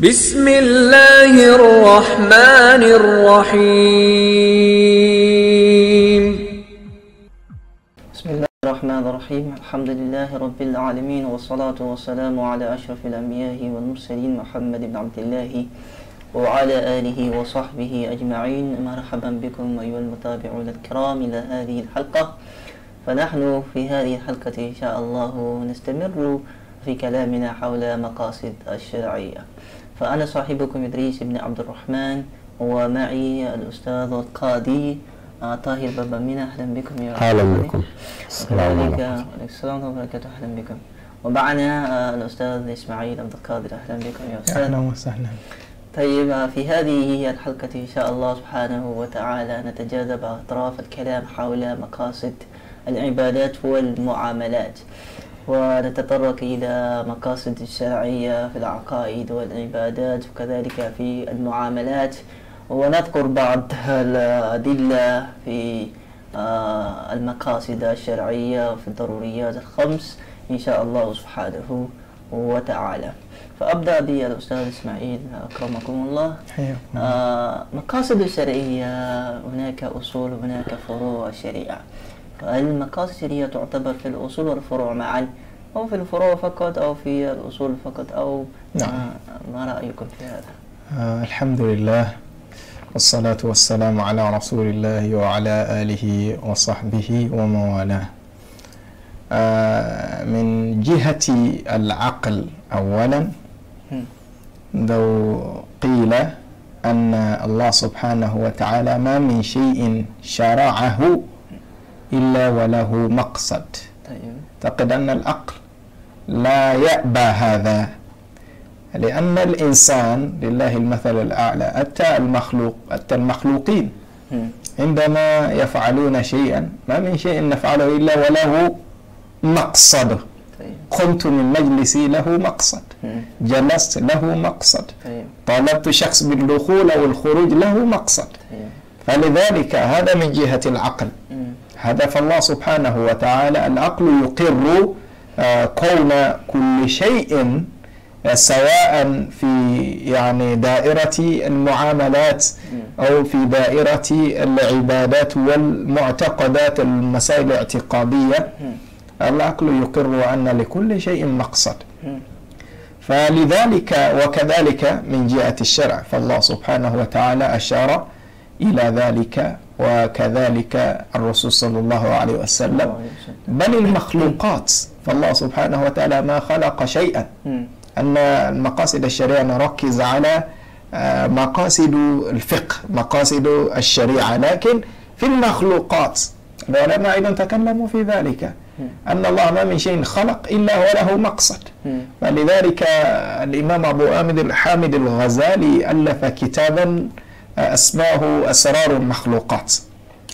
بسم الله الرحمن الرحيم بسم الله الرحمن الرحيم الحمد لله رب العالمين والصلاة والسلام على أشرف الأنبياء والمرسلين محمد بن عبد الله وعلى آله وصحبه أجمعين مرحبا بكم أيها المتابعون الكرام إلى هذه الحلقة فنحن في هذه الحلقة إن شاء الله نستمر في كلامنا حول مقاصد الشرعية فأنا صاحبكم إدريس بن عبد الرحمن ومعي الأستاذ القاضي آه، طاهر بابامين أهلا بكم يا أهلا بكم السلام عليكم السلام وبركاته أهلا بكم ومعنا آه، الأستاذ إسماعيل عبد القادر أهلا بكم يا أستاذ أهلا وسهلا طيب آه، في هذه الحلقة إن شاء الله سبحانه وتعالى نتجاذب أطراف الكلام حول مقاصد العبادات والمعاملات ونتطرق إلى مقاصد الشرعية في العقائد والعبادات وكذلك في المعاملات ونذكر بعض الأدلة في آه، المقاصد الشرعية في الضروريات الخمس إن شاء الله سبحانه وتعالى فأبدأ بالأستاذ إسماعيل أكرمكم الله آه، مقاصد الشرعية هناك أصول هناك فروع الشريعة المقاصد هي تعتبر في الأصول والفروع معا أو في الفروع فقط أو في الأصول فقط أو نعم. ما رأيكم في هذا؟ آه الحمد لله والصلاة والسلام على رسول الله وعلى آله وصحبه وموالاه آه من جهة العقل أولا لو قيل أن الله سبحانه وتعالى ما من شيء شرعه إلا وله مقصد طيب. أعتقد أن العقل لا يأبى هذا لأن الإنسان لله المثل الأعلى أتى المخلوق أتى المخلوقين عندما يفعلون شيئا ما من شيء نفعله إلا وله مقصد طيب. قمت من مجلسي له مقصد جلست له مقصد طالبت طيب. شخص بالدخول أو الخروج له مقصد طيب. فلذلك هذا من جهة العقل هذا فالله سبحانه وتعالى العقل يقر كون آه، كل شيء آه، سواء في يعني دائرة المعاملات أو في دائرة العبادات والمعتقدات المسائل الاعتقادية العقل يقر أن لكل شيء مقصد فلذلك وكذلك من جهة الشرع فالله سبحانه وتعالى أشار إلى ذلك وكذلك الرسول صلى الله عليه وسلم بل المخلوقات فالله سبحانه وتعالى ما خلق شيئا أن المقاصد الشريعة نركز على آه، مقاصد الفقه مقاصد الشريعة لكن في المخلوقات العلماء أيضا تكلموا في ذلك أن الله ما من شيء خلق إلا وله مقصد فلذلك الإمام أبو آمد الحامد الغزالي ألف كتابا أسماه أسرار المخلوقات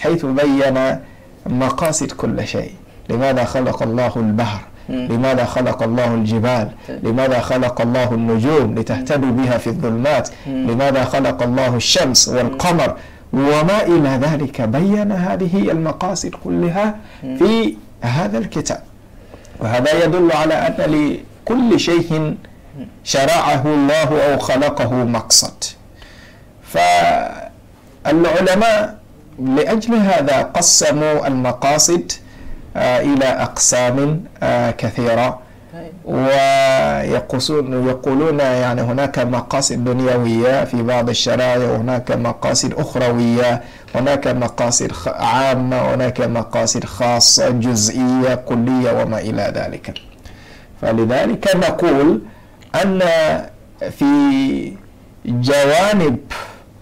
حيث بين مقاصد كل شيء لماذا خلق الله البحر لماذا خلق الله الجبال لماذا خلق الله النجوم لتهتدوا بها في الظلمات لماذا خلق الله الشمس والقمر وما إلى ذلك بين هذه المقاصد كلها في هذا الكتاب وهذا يدل على أن لكل شيء شرعه الله أو خلقه مقصد فالعلماء لأجل هذا قسموا المقاصد آه، إلى أقسام آه، كثيرة ويقولون يقولون يعني هناك مقاصد دنيوية في بعض الشرائع وهناك مقاصد أخروية هناك مقاصد عامة هناك مقاصد خاصة جزئية كلية وما إلى ذلك فلذلك نقول أن في جوانب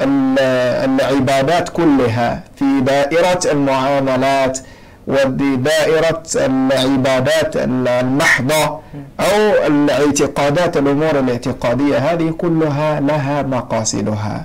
العبادات كلها في دائرة المعاملات ودائرة العبادات المحضة أو الاعتقادات الأمور الاعتقادية هذه كلها لها مقاصدها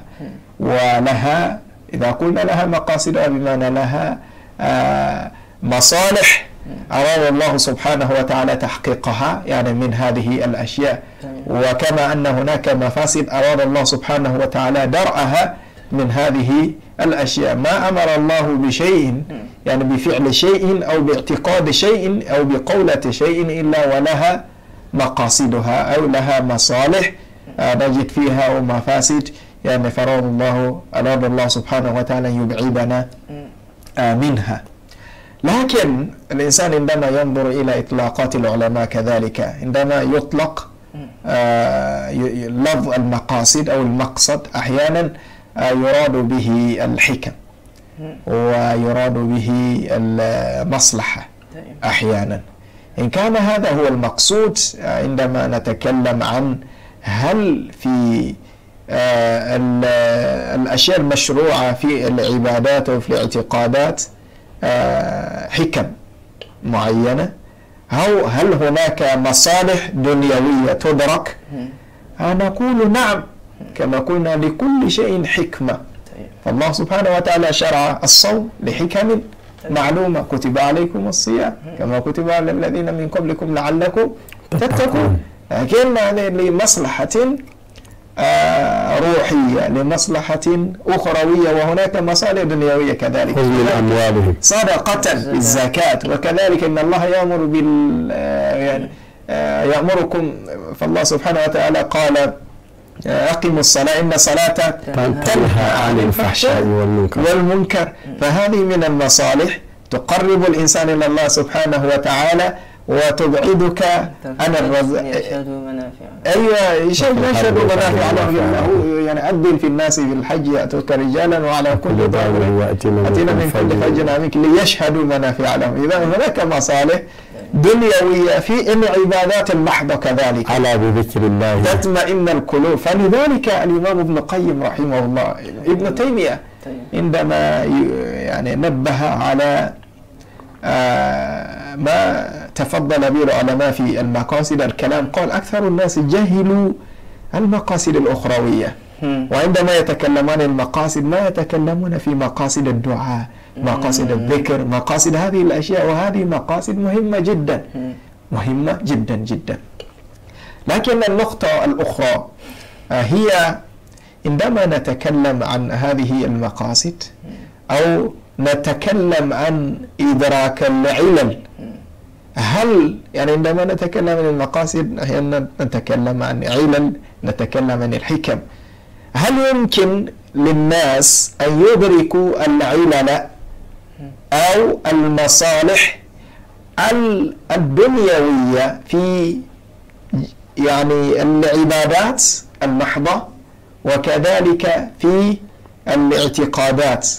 ولها إذا قلنا لها مقاصدها بمعنى لها آه، مصالح أراد الله سبحانه وتعالى تحقيقها يعني من هذه الأشياء وكما أن هناك مفاسد أراد الله سبحانه وتعالى درءها من هذه الأشياء ما أمر الله بشيء يعني بفعل شيء أو باعتقاد شيء أو بقولة شيء إلا ولها مقاصدها أو لها مصالح آه، نجد فيها مفاسد يعني فراد الله أراد الله سبحانه وتعالى يبعدنا آه، منها لكن الإنسان عندما ينظر إلى إطلاقات العلماء كذلك عندما يطلق آه، لفظ المقاصد أو المقصد أحيانا آه، يراد به الحكم ويراد به المصلحة أحيانا إن كان هذا هو المقصود آه، عندما نتكلم عن هل في الأشياء المشروعة في العبادات وفي الاعتقادات آه، حكم معينة أو هل هناك مصالح دنيوية تدرك نقول نعم كما قلنا لكل شيء حكمة فالله طيب. سبحانه وتعالى شرع الصوم لحكم طيب. معلومة كتب عليكم الصيام كما كتب على الذين من قبلكم لعلكم تتقون لكن لمصلحة آه، روحية لمصلحة أخروية وهناك مصالح دنيوية كذلك خذ من أموالهم صدقة الزكاة وكذلك إن الله يأمر بال آه، يعني آه، يأمركم فالله سبحانه وتعالى قال أقموا الصلاة إن صلاة تنهى عن الفحشاء والمنكر والمنكر فهذه من المصالح تقرب الإنسان إلى الله سبحانه وتعالى وتبعدك عن الرزق يشهد منافع ايوه يشهد منافع له يعني أذن في الناس في الحج يأتوك رجالا وعلى كل ضامر ياتينا من كل حج عميق ليشهدوا منافع لهم إذا هناك مصالح دنيوية في العبادات المحضة كذلك على بذكر الله تطمئن القلوب فلذلك الإمام ابن القيم رحمه الله ابن طيب. تيمية طيب. عندما يعني نبه على آه ما تفضل به العلماء في المقاصد الكلام قال أكثر الناس جهلوا المقاصد الأخروية وعندما يتكلمون المقاصد ما يتكلمون في مقاصد الدعاء مقاصد الذكر مقاصد هذه الأشياء وهذه مقاصد مهمة جدا مهمة جدا جدا لكن النقطة الأخرى آه، هي عندما نتكلم عن هذه المقاصد أو نتكلم عن إدراك العلل هل يعني عندما نتكلم عن المقاصد أحيانا نتكلم عن علل نتكلم عن الحكم هل يمكن للناس أن يدركوا العلل أو المصالح الدنيوية في يعني العبادات المحضة وكذلك في الاعتقادات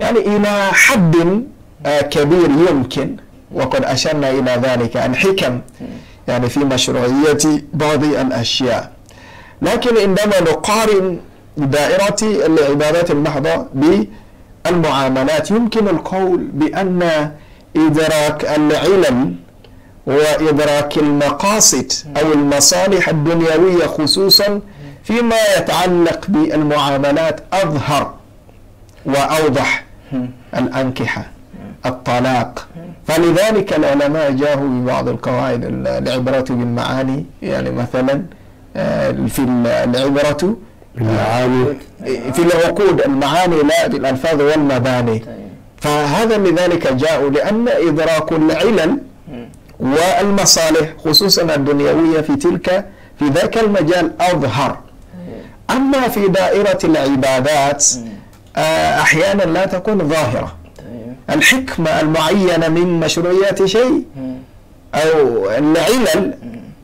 يعني إلى حد آه، كبير يمكن وقد أشرنا إلى ذلك عن حكم يعني في مشروعية بعض الأشياء لكن عندما نقارن دائرة العبادات المحضة بالمعاملات يمكن القول بأن إدراك العلم وإدراك المقاصد أو المصالح الدنيوية خصوصا فيما يتعلق بالمعاملات أظهر وأوضح الأنكحة الطلاق فلذلك العلماء جاءوا ببعض القواعد العبرة بالمعاني يعني مثلا آه، في العبرة المعاني آه، في العقود المعاني لا الألفاظ والمباني طيب. فهذا لذلك جاءوا لأن إدراك العلل والمصالح خصوصا الدنيوية في تلك في ذاك المجال أظهر طيب. أما في دائرة العبادات آه، أحيانا لا تكون ظاهرة طيب. الحكمة المعينة من مشروعيات شيء أو العلل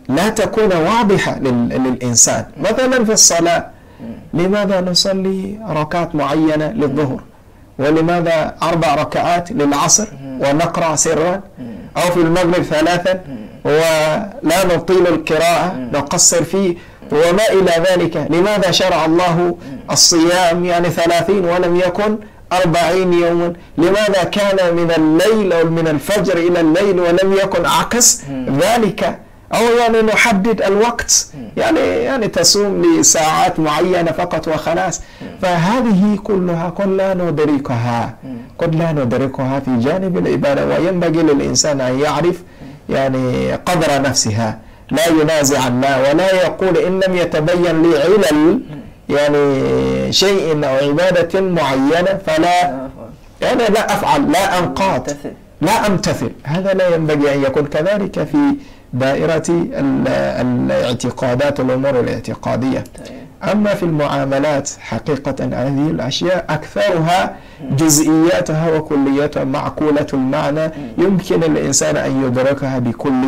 لا تكون واضحة للإنسان مثلا في الصلاة لماذا نصلي ركعات معينة للظهر ولماذا أربع ركعات للعصر ونقرأ سرا أو في المغرب ثلاثا ولا نطيل القراءة نقصر فيه وما إلى ذلك لماذا شرع الله الصيام يعني ثلاثين ولم يكن أربعين يوما لماذا كان من الليل أو من الفجر إلى الليل ولم يكن عكس ذلك أو يعني نحدد الوقت يعني يعني تصوم لساعات معينة فقط وخلاص فهذه كلها قد لا ندركها قد لا ندركها في جانب العبادة وينبغي للإنسان أن يعرف يعني قدر نفسها لا ينازع ما ولا يقول إن لم يتبين لي علل يعني شيء أو عبادة معينة فلا أنا لا أفعل لا أنقاد لا أمتثل هذا لا ينبغي أن يكون كذلك في دائرة الاعتقادات الأمور الاعتقادية طيب. أما في المعاملات حقيقة هذه الأشياء أكثرها جزئياتها وكلياتها معقولة المعنى يمكن الإنسان أن يدركها بكل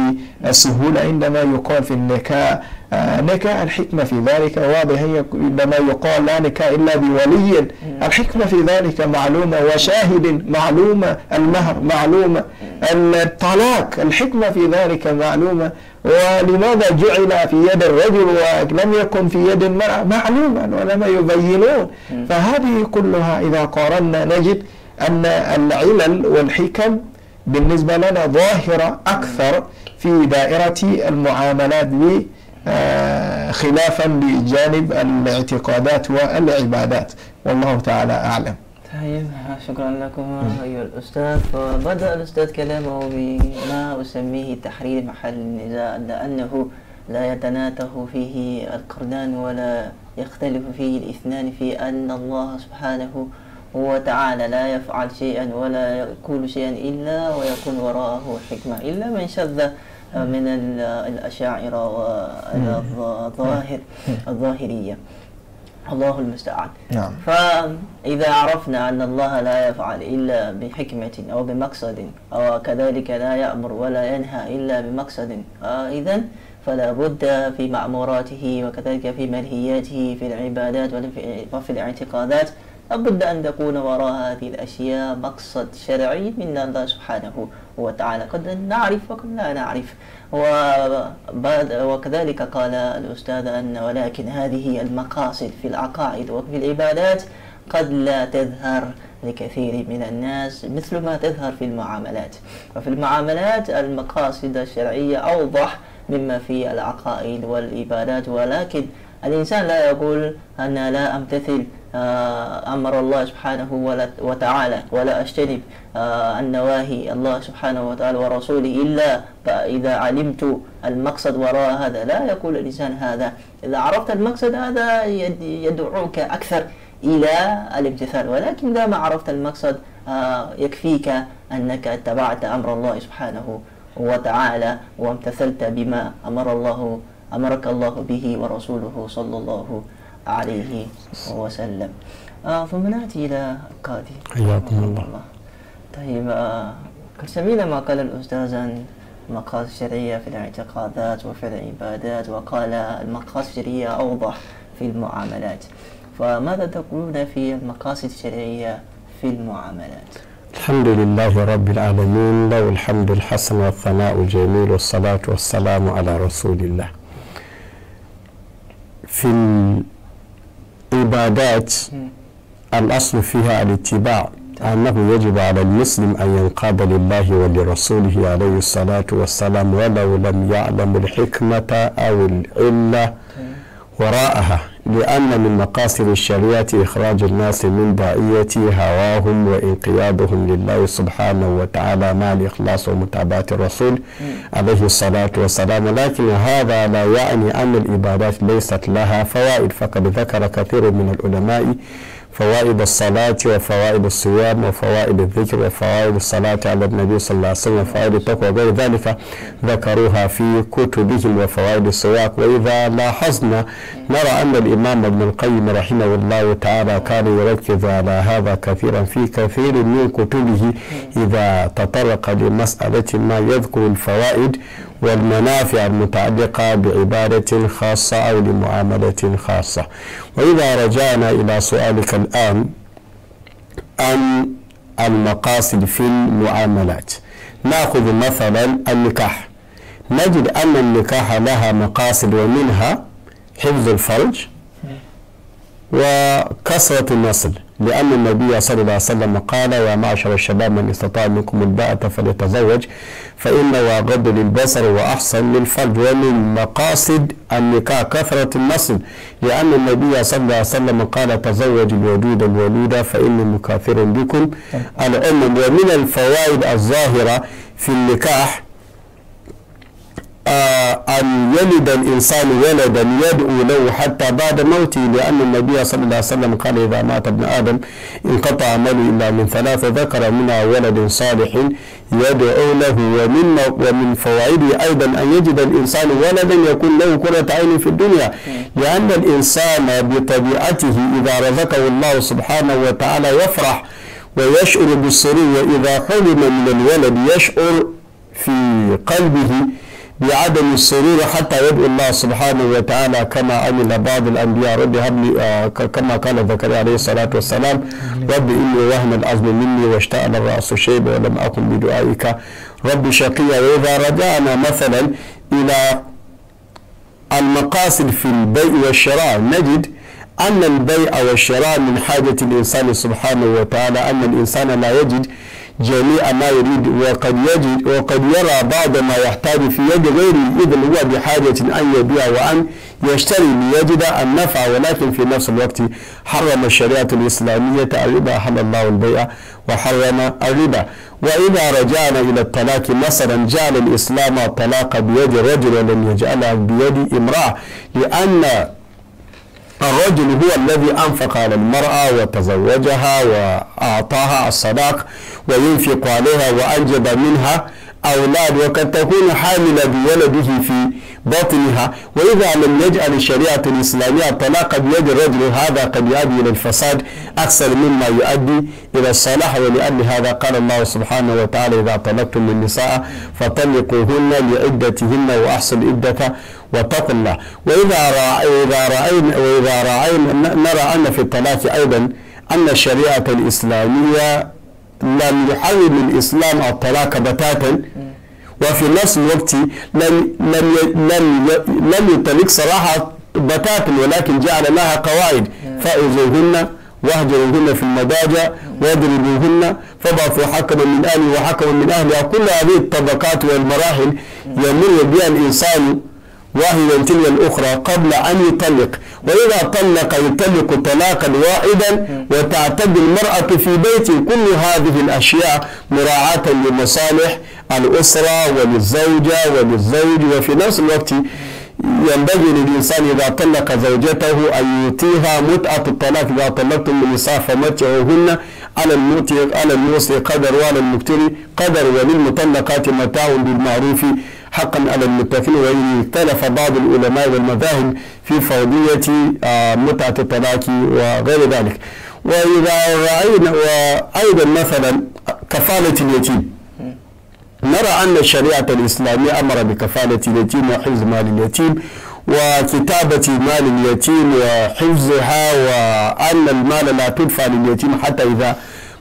سهولة عندما يقال في النكاء آه، نكاء الحكمة في ذلك واضحة عندما يقال لا نكاء إلا بولي الحكمة في ذلك معلومة وشاهد معلومة المهر معلومة الطلاق الحكمة في ذلك معلومة ولماذا جعل في يد الرجل ولم يكن في يد المرأة معلوما ولما يبينون فهذه كلها إذا قارنا نجد أن العلل والحكم بالنسبة لنا ظاهرة أكثر في دائرة المعاملات آه، خلافا لجانب الاعتقادات والعبادات والله تعالى أعلم طيب شكرا لكم أيها الأستاذ فبدأ الأستاذ كلامه بما أسميه تحرير محل النزاع لأنه لا يتناته فيه القرنان ولا يختلف فيه الاثنان في أن الله سبحانه وتعالى لا يفعل شيئا ولا يقول شيئا إلا ويكون وراءه حكمة إلا من شذ من الأشاعرة والظاهر الظاهرية الله المستعان نعم. فإذا عرفنا أن الله لا يفعل إلا بحكمة أو بمقصد أو كذلك لا يأمر ولا ينهى إلا بمقصد آه، إذا فلا بد في مأموراته وكذلك في ملهياته في العبادات وفي الاعتقادات لا بد أن تكون وراء هذه الأشياء مقصد شرعي من الله سبحانه وتعالى قد نعرف وقد لا نعرف وكذلك قال الأستاذ أن ولكن هذه المقاصد في العقائد وفي العبادات قد لا تظهر لكثير من الناس مثل ما تظهر في المعاملات وفي المعاملات المقاصد الشرعية أوضح مما في العقائد والعبادات ولكن الإنسان لا يقول أنا لا أمتثل آه، أمر الله سبحانه وتعالى ولا أجتنب آه، النواهي الله سبحانه وتعالى ورسوله إلا إذا علمت المقصد وراء هذا لا يقول الإنسان هذا إذا عرفت المقصد هذا يدعوك أكثر إلى الامتثال ولكن إذا ما عرفت المقصد آه، يكفيك أنك اتبعت أمر الله سبحانه وتعالى وامتثلت بما أمر الله أمرك الله به ورسوله صلى الله عليه وسلم آه ثم نأتي إلى قاضي حياكم الله. الله طيب آه سمينا ما قال الأستاذ عن مقاصد الشرعية في الاعتقادات وفي العبادات وقال المقاصد الشرعية أوضح في المعاملات فماذا تقولون في المقاصد الشرعية في المعاملات؟ الحمد لله رب العالمين له الحمد الحسن والثناء الجميل والصلاة والسلام على رسول الله في العبادات الأصل فيها الاتباع أنه يجب على المسلم أن ينقاد لله ولرسوله عليه الصلاة والسلام ولو لم يعلم الحكمة أو العلة وراءها لأن من مقاصد الشريعة إخراج الناس من بائية هواهم وإنقيادهم لله سبحانه وتعالى مع الإخلاص ومتابعة الرسول عليه الصلاة والسلام لكن هذا لا يعني أن العبادات ليست لها فوائد فقد ذكر كثير من العلماء فوائد الصلاة وفوائد الصيام وفوائد الذكر وفوائد الصلاة على النبي صلى الله عليه وسلم وفوائد التقوى وغير ذلك ذكروها في كتبهم وفوائد السواك وإذا لاحظنا نرى أن الإمام ابن القيم رحمه الله تعالى كان يركز على هذا كثيرا في كثير من كتبه إذا تطرق لمسألة ما يذكر الفوائد والمنافع المتعلقة بعبادة خاصة أو لمعاملة خاصة وإذا رجعنا إلى سؤالك الآن عن المقاصد في المعاملات ناخذ مثلا النكاح نجد أن النكاح لها مقاصد ومنها حفظ الفرج وكسرة النسل لأن النبي صلى الله عليه وسلم قال يا معشر الشباب من استطاع منكم الباءة فليتزوج فإنه أغض للبصر وأحسن للفرج ومن مقاصد النكاح كثرة النصل لأن النبي صلى الله عليه وسلم قال تزوج الودود الولودة فإني مكافر بكم طيب. الأمم ومن الفوائد الظاهرة في النكاح آه، أن يلد الإنسان ولدا يدعو له حتى بعد موته لأن النبي صلى الله عليه وسلم قال إذا مات ابن آدم انقطع عمله إلا من ثلاثة ذكر منها ولد صالح يدعو له ومن ومن فوائده أيضا أن يجد الإنسان ولدا يكون له كرة عين في الدنيا لأن الإنسان بطبيعته إذا رزقه الله سبحانه وتعالى يفرح ويشعر بالسرور وإذا حرم من الولد يشعر في قلبه بعدم السرور حتى يدعو الله سبحانه وتعالى كما عمل بعض الانبياء رب هب لي آه، كما قال زكريا عليه الصلاه والسلام رب اني وهن العظم مني واشتعل الراس شيبا ولم اكن بدعائك رب شقيا واذا رجعنا مثلا الى المقاصد في البيع والشراء نجد ان البيع والشراء من حاجه الانسان سبحانه وتعالى ان الانسان لا يجد جميع ما يريد وقد يجد وقد يرى بعض ما يحتاج في يد غيره إذا هو بحاجة أن يبيع وأن يشتري ليجد النفع ولكن في نفس الوقت حرم الشريعة الإسلامية الربا حل الله البيع وحرم الربا وإذا رجعنا إلى الطلاق مثلا جعل الإسلام الطلاق بيد رجل ولم يجعلها بيد امرأة لأن الرجل هو الذي أنفق على المرأة وتزوجها وأعطاها الصداق وينفق عليها وأنجب منها أولاد وقد تكون حاملة بولده في بطنها وإذا لم يجعل الشريعة الإسلامية الطلاق بيد الرجل هذا قد يؤدي إلى الفساد أكثر مما يؤدي إلى الصلاح ولأن هذا قال الله سبحانه وتعالى إذا طلقتم النساء فطلقوهن لعدتهن وأحسن عدة واتقوا الله وإذا رأينا وإذا رأينا نرى أن في الطلاق أيضا أن الشريعة الإسلامية لم يحرم الإسلام الطلاق بتاتا وفي نفس الوقت لم لم لم لم يطلق صراحة بتاتا ولكن جعل لها قواعد فإذوهن واهجروهن في المضاجع واضربوهن فبعثوا حكما من اهله وحكما من اهلها كل هذه الطبقات والمراحل يمر بها الانسان واحدا تلو الأخرى قبل أن يطلق وإذا طلق يطلق طلاقا واحدا وتعتد المرأة في بيت كل هذه الأشياء مراعاة لمصالح الأسرة وللزوجة وللزوج وفي نفس الوقت ينبغي للإنسان إذا طلق زوجته أن يعطيها متعة الطلاق إذا طلقتم النساء فمتعوهن على الموصي قدر وعلى المكتري قدر وللمطلقات متاع بالمعروف حقا على المتفقين وإن اختلف بعض العلماء والمذاهب في فرضية آه، متعة الطلاق وغير ذلك وإذا رأينا وأيضا مثلا كفالة اليتيم نرى أن الشريعة الإسلامية أمر بكفالة اليتيم وحفظ مال اليتيم وكتابة مال اليتيم وحفظها وأن المال لا تدفع لليتيم حتى إذا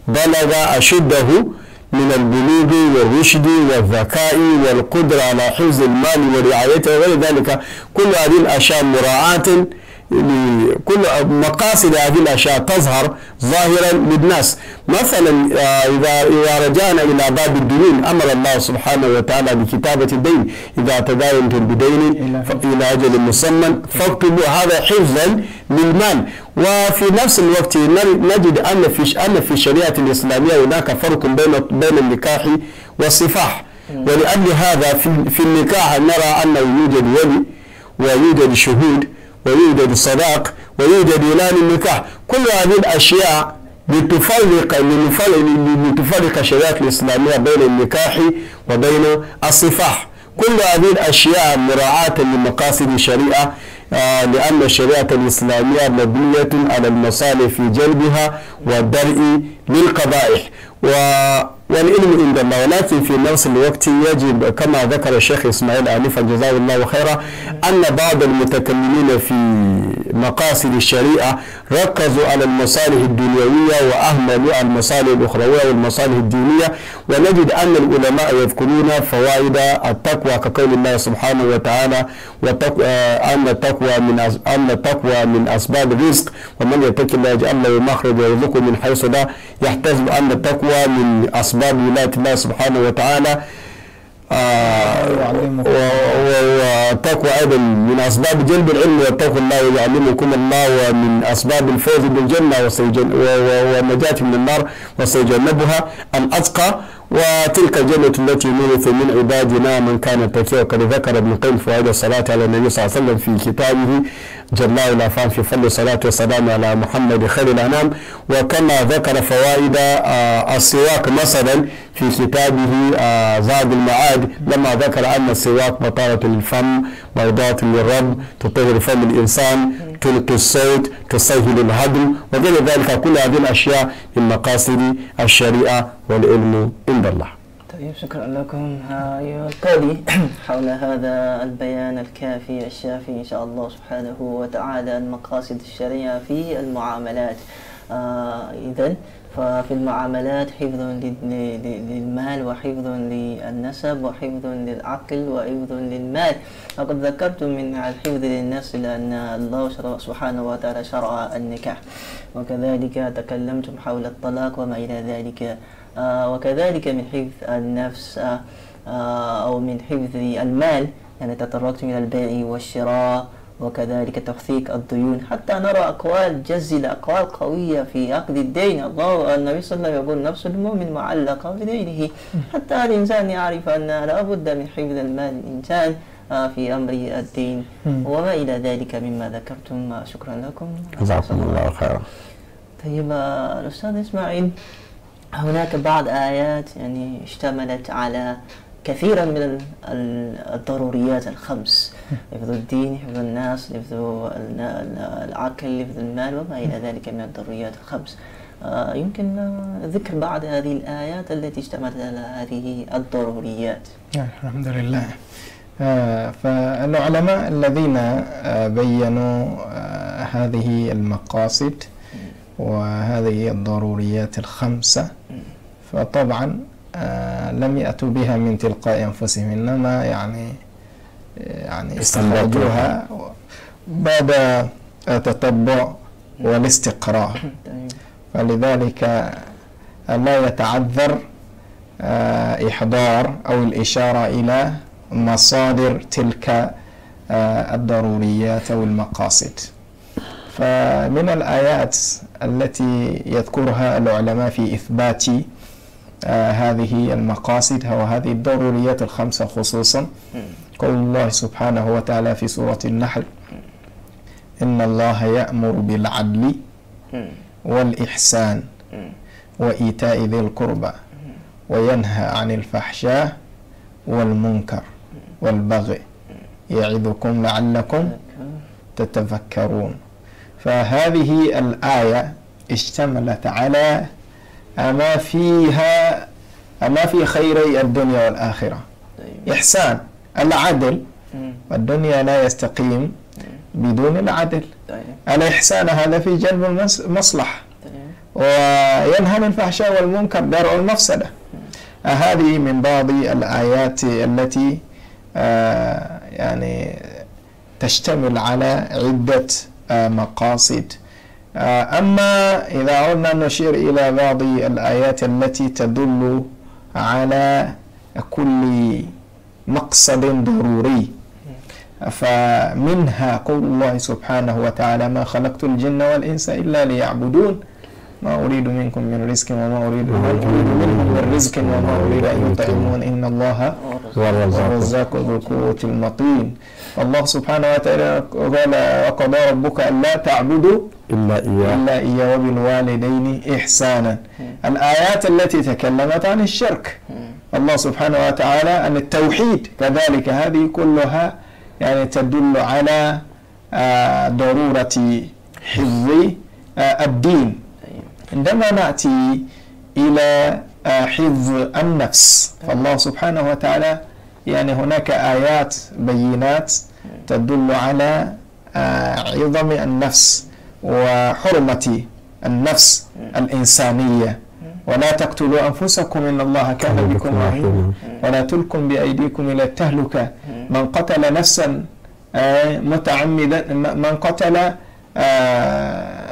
بلغ أشده من البلوغ والرشد والذكاء والقدرة على حفظ المال ورعايته وغير ذلك كل هذه الأشياء مراعاة لكل يعني مقاصد هذه الاشياء تظهر ظاهرا للناس مثلا آه، اذا اذا رجعنا الى باب الدين امر الله سبحانه وتعالى بكتابه الدين اذا تداينتم بدين الى اجل مسمى فاكتبوا هذا حفظا للمال وفي نفس الوقت نجد ان في ان في الشريعه الاسلاميه هناك فرق بين بين النكاح والصفاح ولأجل هذا في في النكاح نرى انه يوجد ولي ويوجد شهود ويوجد الصداق ويوجد ولاد النكاح كل هذه الأشياء لتفرق لتفرق الشريعة الإسلامية بين النكاح وبين الصفاح كل هذه الأشياء مراعاة لمقاصد الشريعة آه، لأن الشريعة الإسلامية مبنية على المصالح في جلبها والدرء للقبائح و والعلم يعني عند الله ولكن في نفس الوقت يجب كما ذكر الشيخ إسماعيل أليفا جزاه الله خيرا أن بعض المتكلمين في مقاصد الشريعة ركزوا على المصالح الدنيوية وأهملوا المصالح الأخروية والمصالح الدينية ونجد أن العلماء يذكرون فوائد التقوى كقول الله سبحانه وتعالى وتقوى أن التقوى من أن التقوى من أسباب الرزق ومن يتق الله يجعل له مخرج ويرزقه من حيث لا يحتسب أن التقوى من أسباب ولاية الله سبحانه وتعالى آه، أيوة، وتقوى أيضا من أسباب جلب العلم واتقوا الله ويعلمكم الله ومن أسباب الفوز بالجنة والنجاة من النار وسيجنبها الأتقى وتلك الجنة التي نورث من عبادنا من كان تقيا وقد ذكر ابن القيم فوائد الصلاة على النبي صلى الله عليه وسلم في كتابه جلاء الأفهام في فضل الصلاة والسلام على محمد خير الأنام وكما ذكر فوائد آه، السواك مثلا في كتابه آه، زاد المعاد لما ذكر أن السواك بطالة الفم موضعة للرب تطهر فم الإنسان تلقي الصوت تسهل الهضم وغير ذلك كل هذه الأشياء من مقاصد الشريعة والعلم عند الله طيب شكرا لكم أيها القاضي حول هذا البيان الكافي الشافي إن شاء الله سبحانه وتعالى المقاصد مقاصد الشريعة في المعاملات آه إذا ففي المعاملات حفظ للمال وحفظ للنسب وحفظ للعقل وحفظ للمال وقد ذكرت من الحفظ للنفس لأن الله سبحانه وتعالى شرع النكاح وكذلك تكلمتم حول الطلاق وما إلى ذلك آه، وكذلك من حفظ النفس آه، أو من حفظ المال يعني تطرقت إلى البيع والشراء وكذلك تخفيك الديون حتى نرى أقوال جزلة أقوال قوية في عقد الدين الله النبي صلى الله عليه وسلم يقول نفس المؤمن معلقة بدينه حتى الإنسان يعرف أن لابد من حفظ المال الإنسان آه، في أمر الدين وما إلى ذلك مما ذكرتم آه، شكرا لكم جزاكم الله خيرا طيب آه، الأستاذ إسماعيل هناك بعض آيات يعني اشتملت على كثيرا من الضروريات الخمس يفقدوا الدين يفقدوا الناس يفقدوا العقل يفقدوا المال وما إلى ذلك من الضروريات الخمس آه، يمكن آه، ذكر بعض هذه الآيات التي اشتملت على هذه الضروريات الحمد لله آه، فالعلماء الذين بينوا هذه المقاصد وهذه الضروريات الخمسة فطبعا لم يأتوا بها من تلقاء أنفسهم إنما يعني يعني استخرجوها بعد التتبع والاستقراء طيب. فلذلك لا يتعذر آه، إحضار أو الإشارة إلى مصادر تلك آه، الضروريات أو المقاصد فمن الآيات التي يذكرها العلماء في إثبات آه، هذه المقاصد أو هذه الضروريات الخمسة خصوصا قول الله سبحانه وتعالى في سورة النحل إن الله يأمر بالعدل والإحسان وإيتاء ذي القربى وينهى عن الفحشاء والمنكر والبغي يعظكم لعلكم تتفكرون فهذه الآية اشتملت على ما فيها ما في خيري الدنيا والآخرة طيب. إحسان العدل والدنيا لا يستقيم بدون العدل طيب. الإحسان هذا في جلب المصلحة طيب. وينهى الفحشاء والمنكر درء المفسدة هذه من بعض الآيات التي آه، يعني تشتمل على عدة آه، مقاصد آه، أما إذا عدنا نشير إلى بعض الآيات التي تدل على كل مقصد ضروري فمنها قول الله سبحانه وتعالى ما خلقت الجن والإنس إلا ليعبدون ما أريد منكم من رزق وما أريد منكم من رزق وما أريد أن يطعمون إن الله الرزاق ذو القوة المطين الله سبحانه وتعالى قال وقضى ربك ألا تعبدوا إلا إياه إلا إياه وبالوالدين إحسانا الآيات التي تكلمت عن الشرك الله سبحانه وتعالى أن التوحيد كذلك هذه كلها يعني تدل على آه، ضرورة حفظ آه، الدين عندما نأتي إلى آه، حفظ النفس فالله سبحانه وتعالى يعني هناك آيات بينات تدل على عظم النفس وحرمة النفس الإنسانية ولا تقتلوا أنفسكم إن الله كان بكم رحيما ولا تلكم بأيديكم إلى التهلكة من قتل نفسا آه، متعمدا من قتل آه،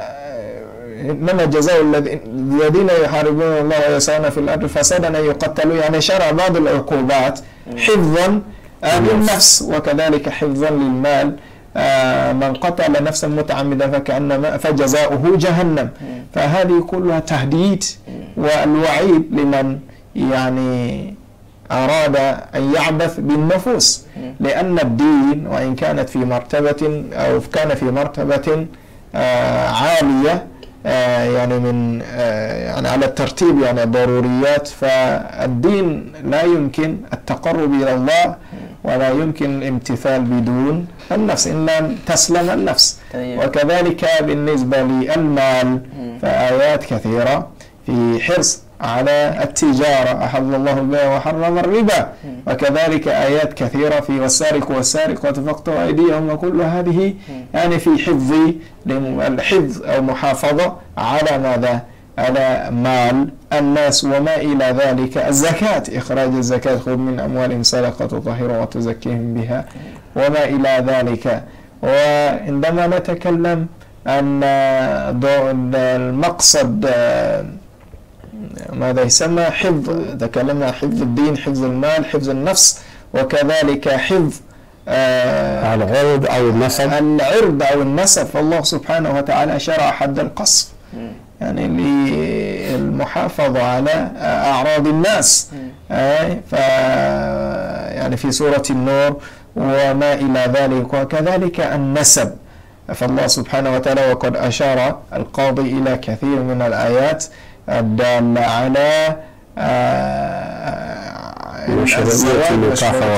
إنما جزاء الذين يحاربون الله ويسعون في الأرض فسادا أن يقتلوا يعني شرع بعض العقوبات حفظا آه، للنفس وكذلك حفظا للمال آه، من قتل نفسا متعمدا فكأنما فجزاؤه جهنم فهذه كلها تهديد والوعيد لمن يعني أراد أن يعبث بالنفوس لأن الدين وإن كانت في مرتبة أو كان في مرتبة آه، عالية آه، يعني من يعني على الترتيب يعني ضروريات فالدين لا يمكن التقرب إلى الله ولا يمكن الامتثال بدون النفس إن لم تسلم النفس طيب. وكذلك بالنسبة للمال فآيات كثيرة في حرص على التجارة أحل الله البيع وحرم الربا وكذلك آيات كثيرة في والسارق والسارق وتفقتوا أيديهم وكل هذه يعني في حفظ الحفظ أو محافظة على ماذا على مال الناس وما إلى ذلك الزكاة إخراج الزكاة خذ من أموالهم صدقة تطهر وتزكيهم بها وما إلى ذلك وعندما نتكلم أن المقصد ماذا يسمى حفظ تكلمنا حفظ الدين حفظ المال حفظ النفس وكذلك حفظ آه العرض أو النسب العرض أو النسب فالله سبحانه وتعالى شرع حد القصف يعني المحافظة على أعراض الناس ف يعني في سورة النور وما إلى ذلك وكذلك النسب فالله سبحانه وتعالى وقد أشار القاضي إلى كثير من الآيات الدالة على آه، الزواج,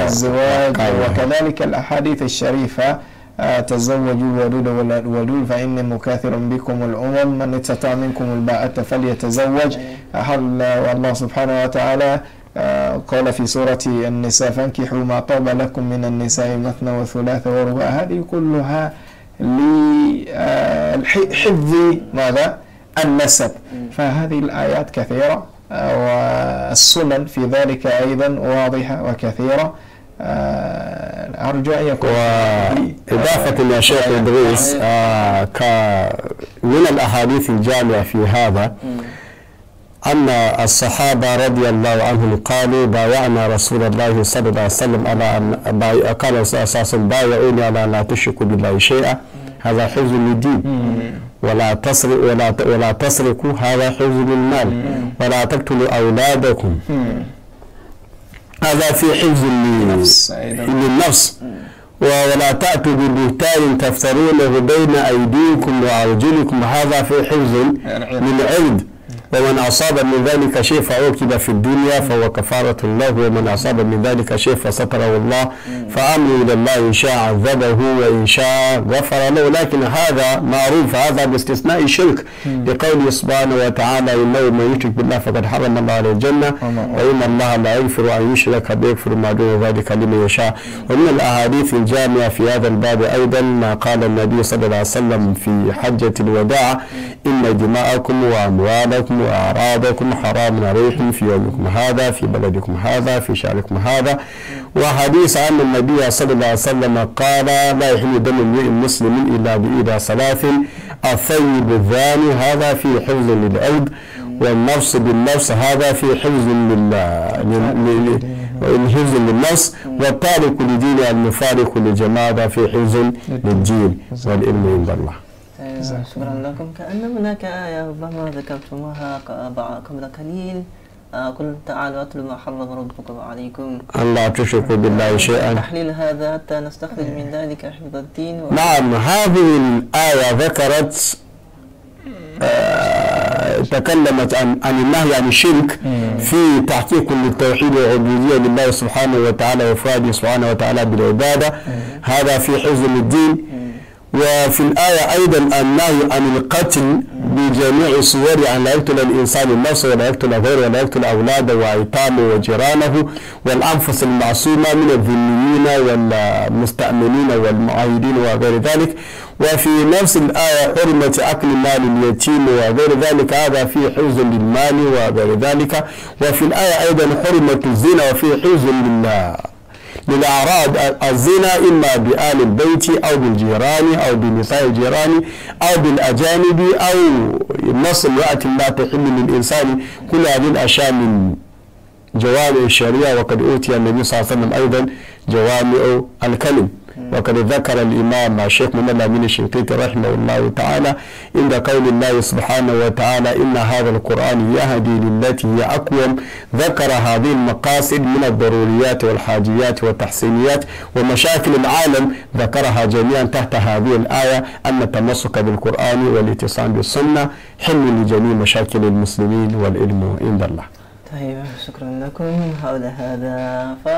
الزواج نعم. وكذلك الأحاديث الشريفة تزوجوا الودود والودود فإني مكاثر بكم الأمم من استطاع منكم الباءة فليتزوج هل والله سبحانه وتعالى آه، قال في سورة النساء فانكحوا ما طاب لكم من النساء مثنى وثلاث ورباع هذه كلها لحفظ ماذا النسب فهذه الآيات كثيرة آه، والسنن في ذلك أيضا واضحة وكثيرة آه، أرجو وإضافة إلى شيخ إدريس آه. آه، من الأحاديث الجامعة في هذا أن الصحابة رضي الله عنهم قالوا بايعنا رسول الله صلى الله عليه وسلم على أن باي... قال اساسا بايعوني على أن لا تشركوا بالله شيئا هذا حزن للدين ولا تسرق ولا ولا تسرقوا هذا حزن للمال ولا تقتلوا أولادكم هذا في حفظ للنفس النفس ولا تأتوا ببهتان تفترونه بين أيديكم وأرجلكم هذا في حفظ من عند يعني ومن أصاب من ذلك شيء فعوقب في الدنيا فهو كفارة الله ومن أصاب من ذلك شيء فستره الله فأمر إلى الله إن شاء عذبه وإن شاء غفر له لكن هذا معروف هذا باستثناء الشرك لقوله سبحانه وتعالى إنه من يشرك بالله فقد حرم الله على الجنة وإن الله لا يغفر أن يشرك بيغفر ما دون ذلك لمن يشاء ومن الأحاديث الجامعة في هذا الباب أيضا ما قال النبي صلى الله عليه وسلم في حجة الوداع إن دماءكم وأموالكم وأعراضكم حرام عليكم في يومكم هذا في بلدكم هذا في شعركم هذا وحديث عن النبي صلى الله عليه وسلم قال لا يحل دم امرئ مسلم إلا بإيدى ثلاث الثيب الذاني هذا في حفظ للعرض والنفس بالنفس هذا في حفظ لل الحفظ للنفس والتارك لدين المفارق لجماعه في حفظ للدين والعلم عند الله شكرا لكم كأن هناك آية ربما ذكرتموها بعضكم قليل آه، قل تعالوا اتلوا ما حرم ربكم عليكم الله تشركوا بالله آه، شيئا تحليل هذا حتى نستخرج من ذلك حفظ الدين و... نعم هذه الآية ذكرت آه، تكلمت عن عن النهي عن الشرك في تحقيق للتوحيد والعبودية لله سبحانه وتعالى وإفراده سبحانه وتعالى بالعبادة هذا في حزن الدين وفي الآية أيضا النهي عن القتل بجميع صوره أن يعني لا يقتل الإنسان نفسه ولا يقتل غيره ولا يقتل أولاده وأيتامه وجيرانه والأنفس المعصومة من الذميين والمستأمنين والمعاهدين وغير ذلك وفي نفس الآية حرمة أكل مال اليتيم وغير ذلك هذا في حوز للمال وغير ذلك وفي الآية أيضا حرمة الزنا وفي حوز لله للأعراض الزنا إما بآل البيت أو بالجيران أو بنساء الجيران أو بالأجانب أو نص الوقت لا تحل للإنسان كل هذه الأشياء من جوامع الشريعة وقد أوتي النبي صلى الله عليه وسلم أيضا جوامع الكلم وقد ذكر الإمام الشيخ محمد الأمين الشنقيطي رحمه الله تعالى عند قول الله سبحانه وتعالى إن هذا القرآن يهدي للتي هي أقوم ذكر هذه المقاصد من الضروريات والحاجيات والتحسينيات ومشاكل العالم ذكرها جميعا تحت هذه الآية أن التمسك بالقرآن والاتصال بالسنة حل لجميع مشاكل المسلمين والعلم عند الله. طيب شكرا لكم حول هذا ف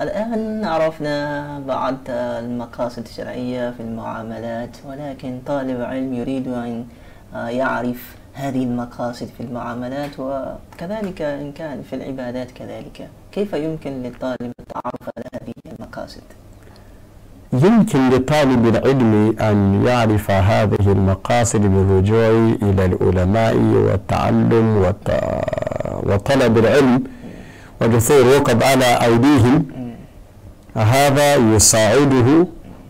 الآن عرفنا بعض المقاصد الشرعية في المعاملات ولكن طالب علم يريد أن آه، يعرف هذه المقاصد في المعاملات وكذلك إن كان في العبادات كذلك كيف يمكن للطالب التعرف على هذه المقاصد؟ يمكن لطالب العلم أن يعرف هذه المقاصد بالرجوع إلى العلماء والتعلم وطلب العلم والجثور وقد على أيديهم هذا يساعده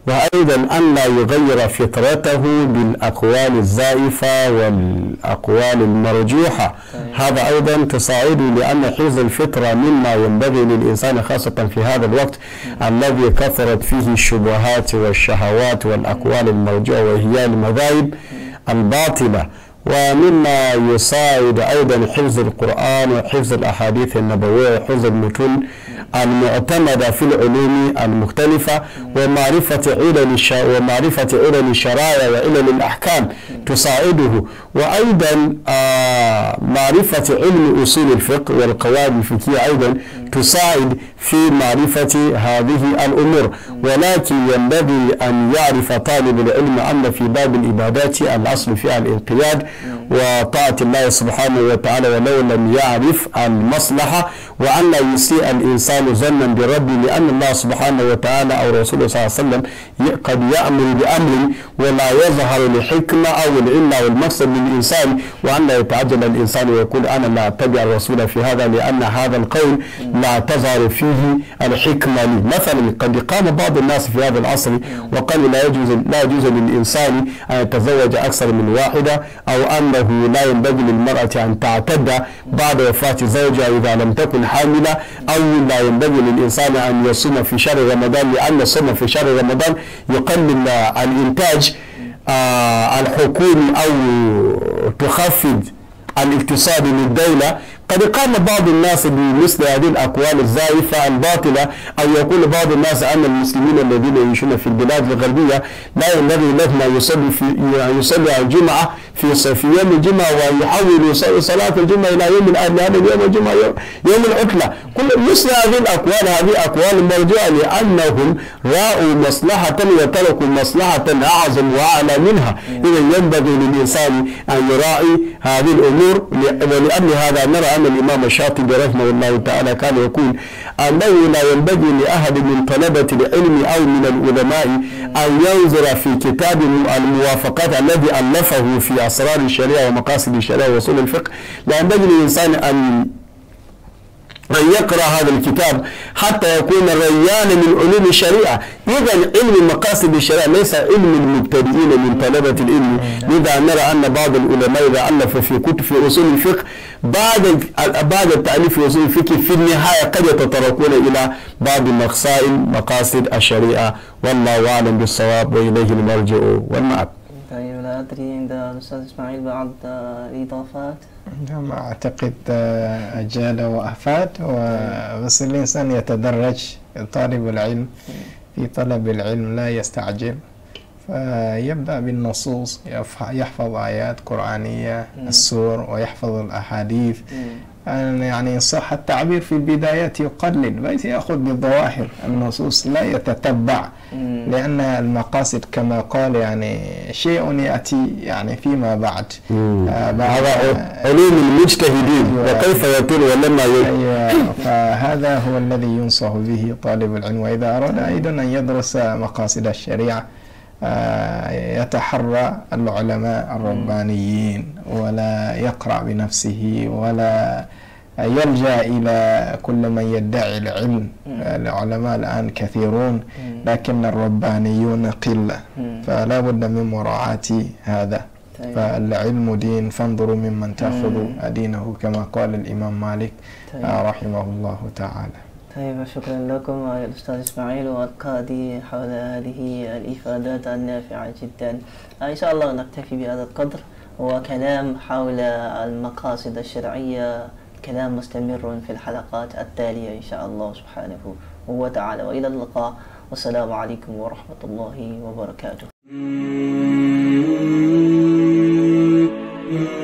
وأيضا أن لا يغير فطرته بالأقوال الزائفة والأقوال المرجوحة طيب. هذا أيضا تساعده لأن حفظ الفطرة مما ينبغي للإنسان خاصة في هذا الوقت الذي كثرت فيه الشبهات والشهوات والأقوال المرجوحة وهي المذاهب الباطلة ومما يساعد أيضا حفظ القرآن وحفظ الأحاديث النبوية وحفظ المتون المعتمدة في العلوم المختلفة ومعرفة علل ومعرفة علل الشرائع وعلل الأحكام تساعده وأيضا آه، معرفة علم أصول الفقه والقواعد الفقهية أيضا تساعد في معرفة هذه الأمور ولكن ينبغي أن يعرف طالب العلم أن في باب العبادات الأصل فيها الانقياد وطاعة الله سبحانه وتعالى ولو لم يعرف المصلحة وأن لا يسيء الإنسان ظنا بربه لأن الله سبحانه وتعالى أو رسوله صلى الله عليه وسلم قد يأمر بأمر ولا يظهر الحكمة أو العلة أو المقصد للإنسان وأن لا يتعجل الإنسان ويقول أنا لا أتبع الرسول في هذا لأن هذا القول لا تظهر فيه الحكمة لي مثلا قد قام بعض الناس في هذا العصر وقالوا لا يجوز لا يجوز للإنسان أن يتزوج أكثر من واحدة أو أن أنه لا ينبغي للمرأة أن تعتد بعد وفاة زوجها إذا لم تكن حاملة أو لا ينبغي للإنسان أن يصوم في شهر رمضان لأن الصوم في شهر رمضان يقلل الإنتاج آه، الحكومي أو تخفض الاقتصاد للدولة قد قام بعض الناس بمثل هذه الأقوال الزائفة الباطلة أو يقول بعض الناس أن المسلمين الذين يعيشون في البلاد الغربية لا ينبغي لهم أن يصلوا يصلي يصلوا الجمعة في صف يوم الجمعة ويحول صلاة الجمعة إلى يوم الآن لأن يوم الجمعة يوم, يوم العطلة كل مثل هذه الأقوال هذه أقوال مرجوعة لأنهم رأوا مصلحة وتركوا مصلحة أعظم وأعلى منها إذا ينبغي للإنسان أن يراعي هذه الأمور ولأن هذا نرى أن الإمام الشاطبي رحمه الله تعالى كان يقول أنه لا ينبغي لأحد من طلبة العلم أو من العلماء أن ينظر في كتاب الموافقات الذي ألفه في أسرار الشريعة ومقاصد الشريعة وأصول الفقه لا ينبغي للإنسان أن أن يقرأ هذا الكتاب حتى يكون ريانا من علوم الشريعة إذا علم مقاصد الشريعة ليس علم المبتدئين من طلبة العلم لذا نرى أن بعض العلماء إذا ألفوا في كتب في أصول الفقه بعد بعد التأليف وصول الفكر في النهاية قد يتطرقون إلى بعض مخصائم مقاصد الشريعة والله أعلم بالصواب وإليه المرجع والمعب طيب لا أدري عند الأستاذ إسماعيل بعض آه، الإضافات. نعم أعتقد آه، أجال وأفاد بس الإنسان يتدرج طالب العلم في طلب العلم لا يستعجل فيبدأ بالنصوص يحفظ آيات قرآنية السور ويحفظ الأحاديث يعني صح التعبير في البداية يقلل بس يأخذ بالظواهر النصوص لا يتتبع لأن المقاصد كما قال يعني شيء يأتي يعني فيما بعد آه، هذا علوم المجتهدين أيوة. وكيف يكون ولما يكون أيوة. فهذا هو الذي ينصح به طالب العلم وإذا أراد أيضا أن يدرس مقاصد الشريعة يتحرى العلماء الربانيين ولا يقرأ بنفسه ولا يلجأ إلى كل من يدعي العلم العلماء الآن كثيرون لكن الربانيون قلة فلا بد من مراعاة هذا طيب. فالعلم دين فانظروا ممن تاخذ دينه كما قال الإمام مالك طيب. رحمه الله تعالى طيب شكرا لكم الأستاذ إسماعيل والقاضي حول هذه الإفادات النافعة جدا آه، إن شاء الله نكتفي بهذا القدر وكلام حول المقاصد الشرعية كلام مستمر في الحلقات التالية إن شاء الله سبحانه وتعالى وإلى اللقاء والسلام عليكم ورحمة الله وبركاته mm-hmm.